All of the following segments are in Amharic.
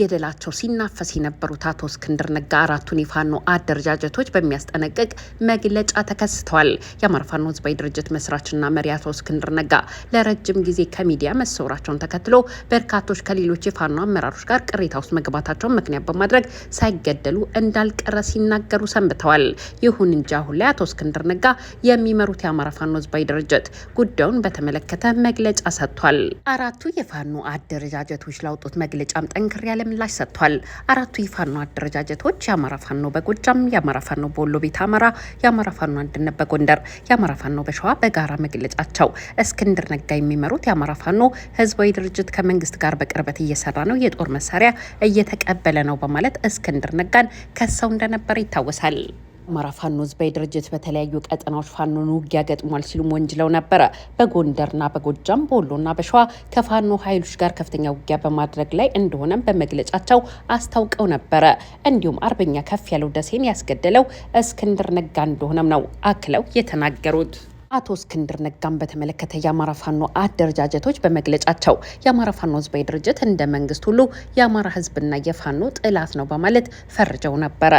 ገደላቸው ሲናፈስ የነበሩት አቶ እስክንድር ነጋ አራቱን የፋኖ አደረጃጀቶች በሚያስጠነቅቅ መግለጫ ተከስተዋል። የአማራ ፋኖ ህዝባዊ ድርጅት መስራችና መሪ አቶ እስክንድር ነጋ ለረጅም ጊዜ ከሚዲያ መሰውራቸውን ተከትሎ በርካቶች ከሌሎች የፋኖ አመራሮች ጋር ቅሬታ ውስጥ መግባታቸውን ምክንያት በማድረግ ሳይገደሉ እንዳልቀረ ሲናገሩ ሰንብተዋል። ይሁን እንጂ አሁን ላይ አቶ እስክንድር ነጋ የሚመሩት የአማራ ፋኖ ህዝባዊ ድርጅት ጉዳዩን በተመለከተ መግለጫ ሰጥቷል። አራቱ የፋኖ አደረጃጀቶች ላውጡት መግለጫም ጠንክር ያለ ምላሽ ሰጥቷል። አራቱ የፋኖ አደረጃጀቶች የአማራ ፋኖ በጎጃም፣ የአማራ ፋኖ በወሎ ቤት አማራ፣ የአማራ ፋኖ አንድነት በጎንደር፣ የአማራ ፋኖ በሸዋ በጋራ መግለጫቸው እስክንድር ነጋ የሚመሩት የአማራ ፋኖ ህዝባዊ ድርጅት ከመንግስት ጋር በቅርበት እየሰራ ነው፣ የጦር መሳሪያ እየተቀበለ ነው በማለት እስክንድር ነጋን ከሰው እንደነበር ይታወሳል። አማራ ፋኖ ህዝባዊ ድርጅት በተለያዩ ቀጠናዎች ፋኖን ውጊያ ገጥሟል ሲሉም ወንጅለው ነበረ። በጎንደርና በጎጃም በወሎና በሸዋ ከፋኖ ኃይሎች ጋር ከፍተኛ ውጊያ በማድረግ ላይ እንደሆነም በመግለጫቸው አስታውቀው ነበረ። እንዲሁም አርበኛ ከፍ ያለው ደሴን ያስገደለው እስክንድር ነጋ እንደሆነም ነው አክለው የተናገሩት። አቶ እስክንድር ነጋን በተመለከተ የአማራ ፋኖ አደረጃጀቶች በመግለጫቸው የአማራ ፋኖ ህዝባዊ ድርጅት እንደ መንግስት ሁሉ የአማራ ህዝብና የፋኖ ጠላት ነው በማለት ፈርጀው ነበረ።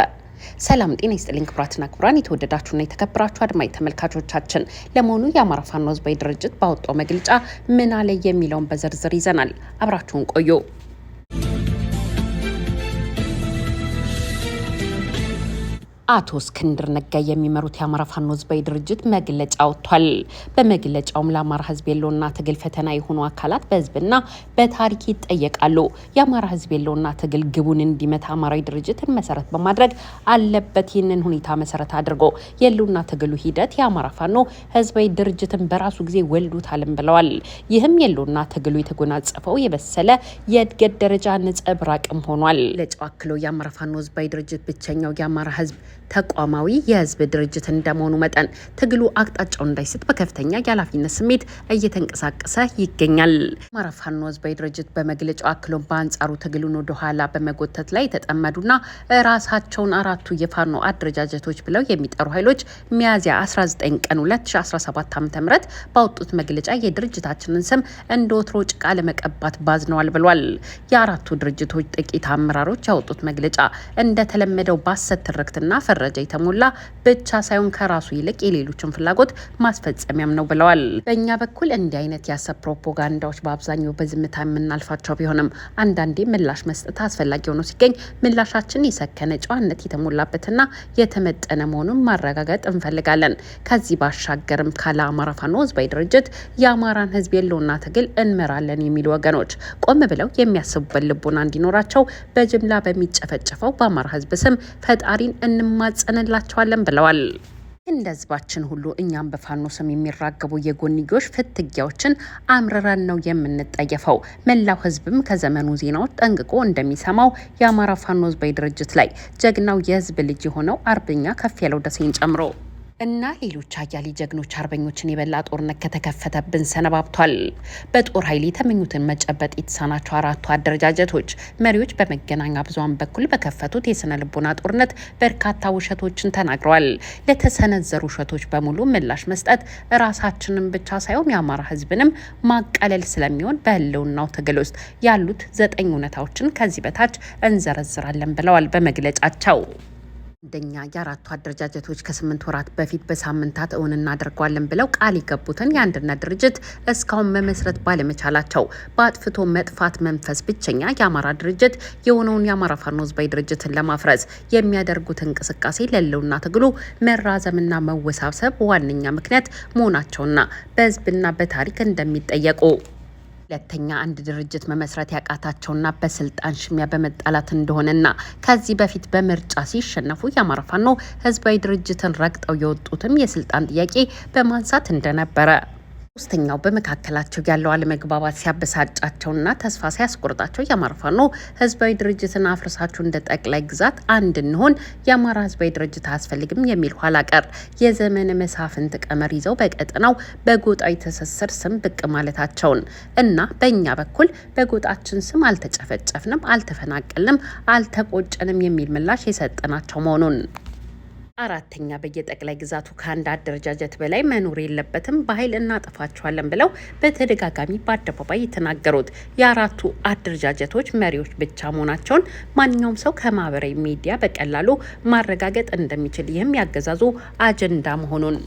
ሰላም ጤና ይስጥልኝ ክቡራትና ክቡራን የተወደዳችሁና የተከበራችሁ አድማጭ ተመልካቾቻችን፣ ለመሆኑ የአማራ ፋኖ ህዝባዊ ድርጅት ባወጣው መግለጫ ምን አለ የሚለውን በዝርዝር ይዘናል። አብራችሁን ቆዩ። አቶ እስክንድር ነጋ የሚመሩት የአማራ ፋኖ ህዝባዊ ድርጅት መግለጫ አውጥቷል። በመግለጫውም ለአማራ ህዝብ የለውና ትግል ፈተና የሆኑ አካላት በህዝብና በታሪክ ይጠየቃሉ። የአማራ ህዝብ የለውና ትግል ግቡን እንዲመታ አማራዊ ድርጅትን መሰረት በማድረግ አለበት። ይህንን ሁኔታ መሰረት አድርጎ የለውና ትግሉ ሂደት የአማራ ፋኖ ህዝባዊ ድርጅትን በራሱ ጊዜ ወልዱታልም ብለዋል። ይህም የለውና ትግሉ የተጎናጸፈው የበሰለ የእድገት ደረጃ ነጸብራቅም ሆኗል። ለጫው የአማራ ፋኖ ህዝባዊ ድርጅት ብቸኛው የአማራ ህዝብ ተቋማዊ የህዝብ ድርጅት እንደመሆኑ መጠን ትግሉ አቅጣጫው እንዳይስት በከፍተኛ የኃላፊነት ስሜት እየተንቀሳቀሰ ይገኛል። አማራ ፋኖ ህዝባዊ ድርጅት በመግለጫው አክሎም በአንጻሩ ትግሉን ወደኋላ በመጎተት ላይ የተጠመዱና ራሳቸውን አራቱ የፋኖ አደረጃጀቶች ብለው የሚጠሩ ኃይሎች ሚያዝያ 19 ቀን 2017 ዓ ም ባወጡት መግለጫ የድርጅታችንን ስም እንደ ወትሮ ጭቃ ለመቀባት ባዝነዋል ብሏል። የአራቱ ድርጅቶች ጥቂት አመራሮች ያወጡት መግለጫ እንደተለመደው ባሰት ትርክትና መረጃ የተሞላ ብቻ ሳይሆን ከራሱ ይልቅ የሌሎችን ፍላጎት ማስፈጸሚያም ነው ብለዋል። በእኛ በኩል እንዲህ አይነት የሀሰት ፕሮፓጋንዳዎች በአብዛኛው በዝምታ የምናልፋቸው ቢሆንም አንዳንዴ ምላሽ መስጠት አስፈላጊ ሆኖ ሲገኝ ምላሻችን የሰከነ ጨዋነት የተሞላበትና የተመጠነ መሆኑን ማረጋገጥ እንፈልጋለን። ከዚህ ባሻገርም ካለ አማራ ፋኖ ህዝባዊ ድርጅት የአማራን ህዝብ የለውና ትግል እንመራለን የሚሉ ወገኖች ቆም ብለው የሚያስቡበት ልቦና እንዲኖራቸው በጅምላ በሚጨፈጨፈው በአማራ ህዝብ ስም ፈጣሪን እንማ እንማጸንላቸዋለን ብለዋል። እንደ ህዝባችን ሁሉ እኛም በፋኖ ስም የሚራገቡ የጎንዮሽ ፍትጊያዎችን አምርረን ነው የምንጠየፈው። መላው ህዝብም ከዘመኑ ዜናዎች ጠንቅቆ እንደሚሰማው የአማራ ፋኖ ህዝባዊ ድርጅት ላይ ጀግናው የህዝብ ልጅ የሆነው አርበኛ ያለው ደሴን ጨምሮ እና ሌሎች አያሌ ጀግኖች አርበኞችን የበላ ጦርነት ከተከፈተብን ሰነባብቷል። በጦር ኃይል የተመኙትን መጨበጥ የተሳናቸው አራቱ አደረጃጀቶች መሪዎች በመገናኛ ብዙኃን በኩል በከፈቱት የስነ ልቦና ጦርነት በርካታ ውሸቶችን ተናግረዋል። ለተሰነዘሩ ውሸቶች በሙሉ ምላሽ መስጠት ራሳችንን ብቻ ሳይሆን የአማራ ሕዝብንም ማቀለል ስለሚሆን በህልውናው ትግል ውስጥ ያሉት ዘጠኝ እውነታዎችን ከዚህ በታች እንዘረዝራለን ብለዋል በመግለጫቸው አንደኛ የአራቱ አደረጃጀቶች ከስምንት ወራት በፊት በሳምንታት እውን እናደርጓለን ብለው ቃል የገቡትን የአንድነት ድርጅት እስካሁን መመስረት ባለመቻላቸው በአጥፍቶ መጥፋት መንፈስ ብቸኛ የአማራ ድርጅት የሆነውን የአማራ ፋኖ ህዝባዊ ድርጅትን ለማፍረስ የሚያደርጉት እንቅስቃሴ ለለውና ትግሉ መራዘምና መወሳሰብ ዋነኛ ምክንያት መሆናቸውና በህዝብና በታሪክ እንደሚጠየቁ ሁለተኛ አንድ ድርጅት መመስረት ያቃታቸውና በስልጣን ሽሚያ በመጣላት እንደሆነና ከዚህ በፊት በምርጫ ሲሸነፉ የአማራ ፋኖ ህዝባዊ ድርጅትን ረግጠው የወጡትም የስልጣን ጥያቄ በማንሳት እንደነበረ ሶስተኛው በመካከላቸው ያለው አለመግባባት ሲያበሳጫቸውና ተስፋ ሲያስቆርጣቸው የአማራ ፋኖ ህዝባዊ ድርጅትን አፍርሳችሁ እንደ ጠቅላይ ግዛት አንድ እንሆን የአማራ ህዝባዊ ድርጅት አያስፈልግም የሚል ኋላ ቀር የዘመን መሳፍንት ቀመር ይዘው በቀጠናው በጎጣዊ ትስስር ስም ብቅ ማለታቸውን እና በእኛ በኩል በጎጣችን ስም አልተጨፈጨፍንም፣ አልተፈናቀልንም፣ አልተቆጨንም የሚል ምላሽ የሰጠናቸው መሆኑን አራተኛ በየጠቅላይ ግዛቱ ከአንድ አደረጃጀት በላይ መኖር የለበትም፣ በኃይል እናጠፋቸዋለን ብለው በተደጋጋሚ በአደባባይ የተናገሩት የአራቱ አደረጃጀቶች መሪዎች ብቻ መሆናቸውን ማንኛውም ሰው ከማህበራዊ ሚዲያ በቀላሉ ማረጋገጥ እንደሚችል ይህም ያገዛዙ አጀንዳ መሆኑን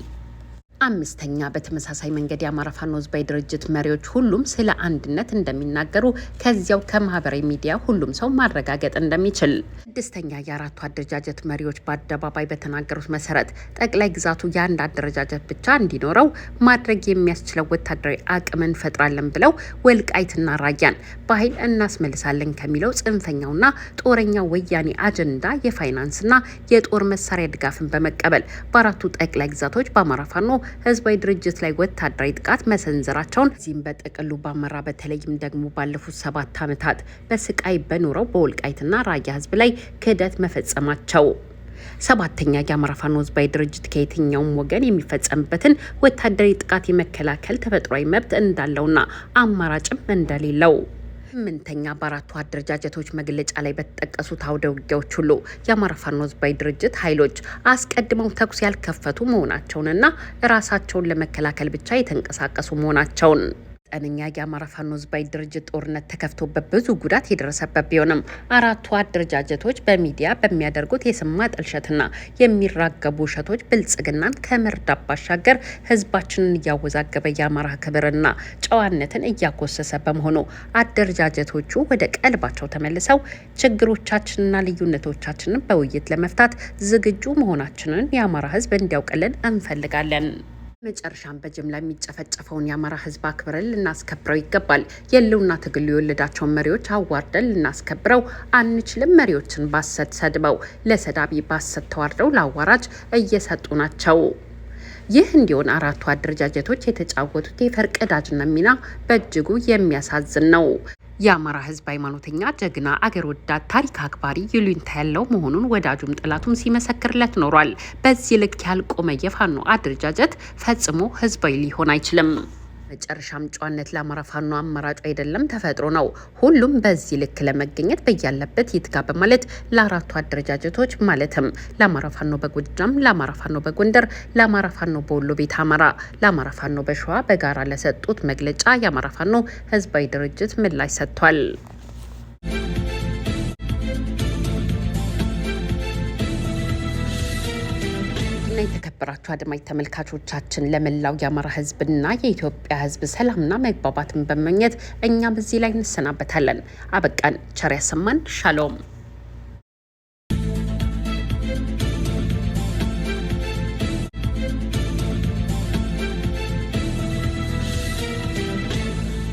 አምስተኛ በተመሳሳይ መንገድ የአማራ ፋኖ ህዝባዊ ድርጅት መሪዎች ሁሉም ስለ አንድነት እንደሚናገሩ ከዚያው ከማህበራዊ ሚዲያ ሁሉም ሰው ማረጋገጥ እንደሚችል ስድስተኛ የአራቱ አደረጃጀት መሪዎች በአደባባይ በተናገሩት መሰረት ጠቅላይ ግዛቱ የአንድ አደረጃጀት ብቻ እንዲኖረው ማድረግ የሚያስችለው ወታደራዊ አቅም እንፈጥራለን ብለው ወልቃይትና ራያን በኃይል እናስመልሳለን ከሚለው ጽንፈኛውና ጦረኛው ወያኔ አጀንዳ የፋይናንስና የጦር መሳሪያ ድጋፍን በመቀበል በአራቱ ጠቅላይ ግዛቶች በአማራ ፋኖ ህዝባዊ ድርጅት ላይ ወታደራዊ ጥቃት መሰንዘራቸውን እዚህም በጥቅሉ በአማራ በተለይም ደግሞ ባለፉት ሰባት ዓመታት በስቃይ በኖረው በወልቃይትና ራያ ህዝብ ላይ ክህደት መፈጸማቸው። ሰባተኛ የአማራ ፋኖ ህዝባዊ ድርጅት ከየትኛውም ወገን የሚፈጸምበትን ወታደራዊ ጥቃት የመከላከል ተፈጥሯዊ መብት እንዳለውና አማራጭም እንደሌለው ስምንተኛ በአራቱ አደረጃጀቶች መግለጫ ላይ በተጠቀሱት አውደ ውጊያዎች ሁሉ የአማራ ፋኖ ህዝባዊ ድርጅት ኃይሎች አስቀድመው ተኩስ ያልከፈቱ መሆናቸውንና ራሳቸውን ለመከላከል ብቻ የተንቀሳቀሱ መሆናቸውን ዘጠነኛ የአማራ ፋኖ ህዝባዊ ድርጅት ጦርነት ተከፍቶበት ብዙ ጉዳት የደረሰበት ቢሆንም አራቱ አደረጃጀቶች በሚዲያ በሚያደርጉት የስም ማጠልሸትና የሚራገቡ ውሸቶች ብልጽግናን ከመርዳት ባሻገር ህዝባችንን እያወዛገበ የአማራ ክብርና ጨዋነትን እያኮሰሰ በመሆኑ አደረጃጀቶቹ ወደ ቀልባቸው ተመልሰው ችግሮቻችንና ልዩነቶቻችንን በውይይት ለመፍታት ዝግጁ መሆናችንን የአማራ ህዝብ እንዲያውቅልን እንፈልጋለን። መጨረሻም በጅምላ የሚጨፈጨፈውን የአማራ ህዝብ አክብረን ልናስከብረው ይገባል። የህልውና ትግሉ የወለዳቸውን መሪዎች አዋርደን ልናስከብረው አንችልም። መሪዎችን ባሰት ሰድበው ለሰዳቢ ባሰት ተዋርደው ለአዋራጅ እየሰጡ ናቸው። ይህ እንዲሆን አራቱ አደረጃጀቶች የተጫወቱት የፈርቀዳጅነት ሚና በእጅጉ የሚያሳዝን ነው። የአማራ ህዝብ ሃይማኖተኛ፣ ጀግና፣ አገር ወዳድ፣ ታሪክ አክባሪ፣ ይሉኝታ ያለው መሆኑን ወዳጁም ጥላቱም ሲመሰክርለት ኖሯል። በዚህ ልክ ያልቆመ የፋኖ አደረጃጀት ፈጽሞ ህዝባዊ ሊሆን አይችልም። በመጨረሻም ጨዋነት ለአማራ ፋኖ አማራጭ አይደለም፣ ተፈጥሮ ነው። ሁሉም በዚህ ልክ ለመገኘት በያለበት ይትጋ በማለት ለአራቱ አደረጃጀቶች ማለትም ለአማራ ፋኖ በጎጃም፣ ለአማራ ፋኖ በጎንደር፣ ለአማራ ፋኖ በወሎ ቤት አማራ፣ ለአማራ ፋኖ በሸዋ በጋራ ለሰጡት መግለጫ የአማራ ፋኖ ህዝባዊ ድርጅት ምላሽ ሰጥቷል። የተከበራችሁ አድማጭ ተመልካቾቻችን ለመላው የአማራ ሕዝብና የኢትዮጵያ ህዝብ ሰላምና መግባባትን በመኘት እኛም እዚህ ላይ እንሰናበታለን። አበቃን። ቸር ያሰማን። ሻሎም